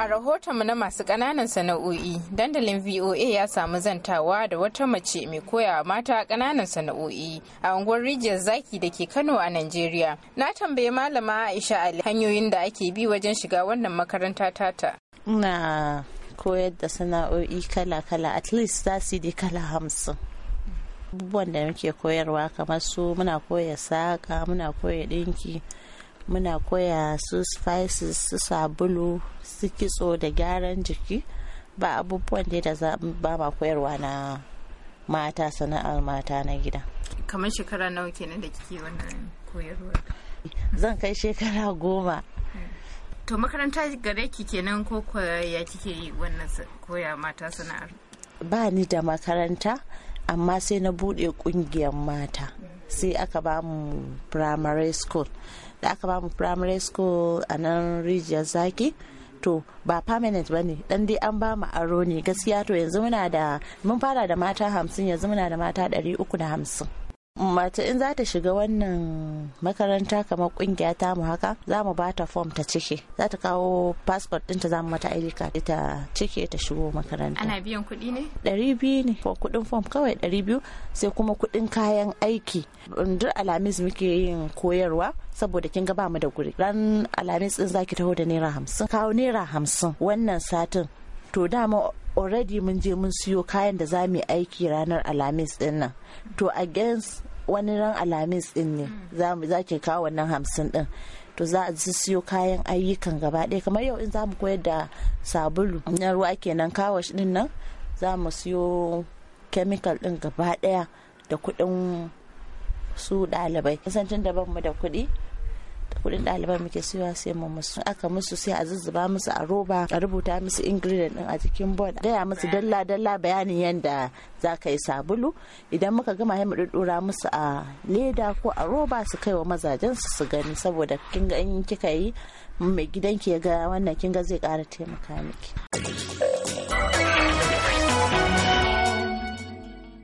a rahoton mu na masu ƙananan sana'o'i, dandalin VOA ya samu zantawa da wata mace mai koya mata ƙananan sana'o'i a unguwar Rijiyar Zaki da ke Kano a Nigeria Na tambayi malama Aisha Ali hanyoyin da ake bi wajen shiga wannan makaranta tata. Ina koyar da sana'o'i kala-kala, at least za su yi kala hamsin. Abubuwan da muke koyarwa kamar su muna koya saƙa, muna koya ɗinki, muna koya su spices su sabulu su kitso da gyaran jiki ba abubuwan da za ba ma koyarwa na mata sana'ar mata na gida kamar shekara nawa kenan da kike wannan koyarwa zan kai shekara goma to makaranta gare ki kenan ko ya kike yi wannan koya mata sana'ar ba ni da makaranta amma sai na buɗe ƙungiyar mata sai aka ba mu primary school da aka ba mu primary school a nan rijiyar zaki to ba permanent ba ne dan dai an ba mu aro ne gaskiya to yanzu muna da mun fara da mata hamsin yanzu muna da mata ɗari uku da hamsin mace in za ta shiga wannan makaranta kamar kungiya ta mu haka za mu ba ta form ta cike za ta kawo passport ɗinta za mu mata ID card ta cike ta shigo makaranta ana biyan kuɗi ne ɗari biyu ne ko kuɗin form kawai ɗari biyu sai kuma kuɗin kayan aiki duk alamis muke yin koyarwa saboda kin ga bamu da guri ran alamis din zaki taho da naira hamsin kawo naira hamsin wannan satin to dama already mun je mun siyo kayan da za mu yi aiki ranar alamis din nan to against wani ran alamis din ne mm. za ke kawo wannan hamsin din to za a siyo kayan ayyukan gaba ɗaya kamar yau in za mu koyar da sabulu na ruwa kenan kawash din nan za mu siyo kemikal din gaba ɗaya da kuɗin su ɗalibai kasancin da ban mu da kuɗi kuɗin ɗaliban muke siyo sai mu musu aka musu sai a zuzzuba musu a roba a rubuta musu ingredient din a jikin board gaya musu dalla dalla bayanin yanda za ka yi sabulu idan muka gama mu ɗuɗɗura musu a leda ko a roba su kai wa mazajen su su gani saboda kin in kika yi mai gidanki ya ga wannan kin ga zai ƙara taimaka miki.